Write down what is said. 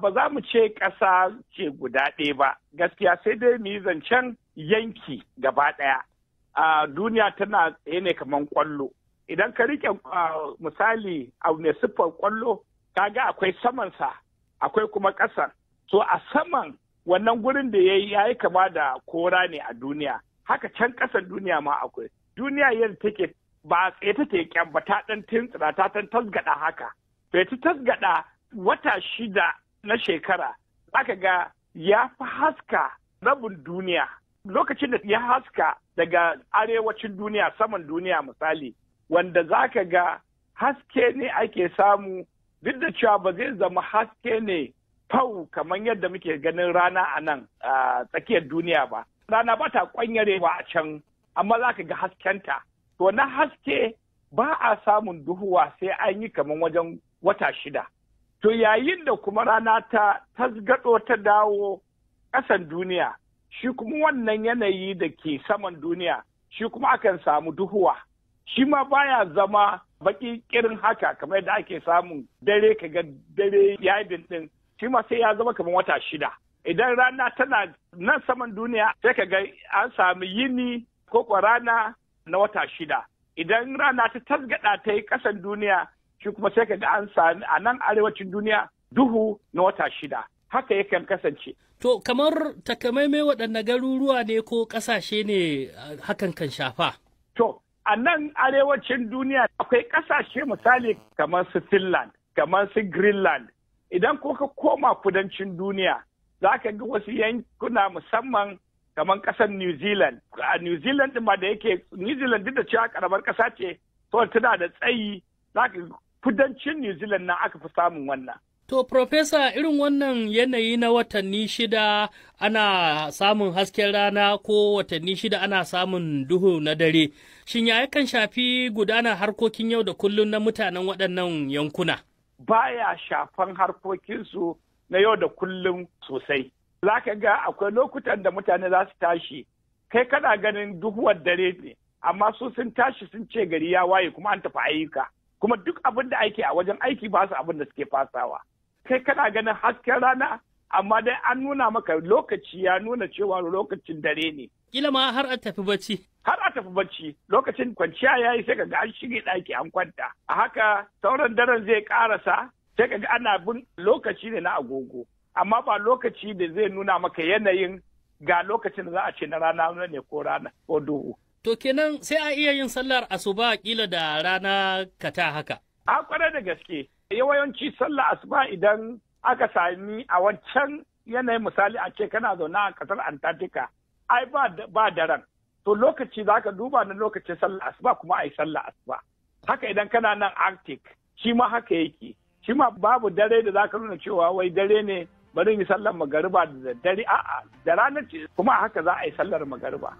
ba za mu ce ƙasa ce guda ɗaya ba gaskiya sai dai mu yi zancen yanki gaba ɗaya a duniya tana tsaye ne kamar kwallo idan ka riƙe misali a mai siffar kwallo ga akwai samansa akwai kuma ƙasan To a saman wannan gurin da ya yi kama da kora ne a duniya haka can ƙasan duniya ma akwai duniya yadda take ba tsaye take kyan ba ta ɗan tuntsira ta tan tasgada haka to tasgada wata shida na shekara zaka ga ya fi haska rabin duniya lokacin da ya haska daga arewacin duniya saman duniya misali wanda za ka ga haske ne ake samu duk da cewa ba zai zama haske ne fau kamar yadda muke ganin rana a nan a tsakiyar duniya ba rana ba ta kwanyarewa a can amma za ka ga haskenta to na haske ba a samun duhuwa sai an yi kamar wajen wata shida To yayin da kuma rana ta tasgado ta dawo ƙasan duniya, shi kuma wannan yanayi da ke saman duniya, shi kuma akan samu duhuwa. Shi ma baya zama baki kirin haka kamar da ake samun dare ka ga dare yi din, shi ma sai ya zama kamar wata shida. Idan rana tana nan saman duniya sai ka ga an sami yini ko rana na wata shida. Idan rana ta tasgada ta yi ƙasan duniya shi kuma sai ka ga an sami a nan arewacin duniya duhu na wata shida haka yakan kasance. To kamar takamaimai waɗanne garuruwa ne ko ƙasashe ne hakan kan shafa? To a nan arewacin duniya akwai ƙasashe misali kamar su Finland, kamar su Greenland. Idan ko ka koma kudancin duniya za ka ga wasu yankuna musamman kamar ƙasar New Zealand. A New Zealand ma da yake New Zealand duk da cewa karamar ƙasa ce, to tana da tsayi za ka kudancin New Zealand na aka fi samun wannan. To, Profesa, irin wannan yanayi na watanni shida ana samun hasken rana ko watanni shida ana samun duhu na dare, shin ya kan shafi gudanar harkokin yau da kullum na mutanen waɗannan yankuna? Baya shafan harkokinsu na yau da kullum sosai. Za ka ga akwai lokutan da mutane za su tashi, kai kana ganin duhuwar dare ne, amma su sun tashi sun ce gari ya waye kuma an tafi ayyuka. kuma duk abin da ake a wajen aiki ba su abin da suke fasawa kai kana ganin hasken rana amma dai an nuna maka lokaci ya nuna cewa lokacin dare ne kila ma har a tafi bacci har a tafi bacci lokacin kwanciya ya yi sai kaga an shige ɗaki an kwanta a haka sauran daren zai ƙarasa sai kaga ana bin lokaci ne na agogo amma ba lokaci da zai nuna maka yanayin ga lokacin da za a ce na rana ne ko rana ko duhu To kenan sai a iya yin sallar asuba kila da rana kata haka. A kwarai da gaske, yawanci sallar asuba idan aka sami a wancan yanayin misali a ce kana zaune a ƙasar Antarctica, ai ba daren. To lokaci za ka duba na lokacin sallar asuba kuma a yi sallar asuba. Haka idan kana nan Arctic, shi ma haka yake. Shi ma babu dare da za ka nuna cewa wai dare ne bari yi sallar magariba da dare a'a da ranar kuma haka za a yi sallar magariba.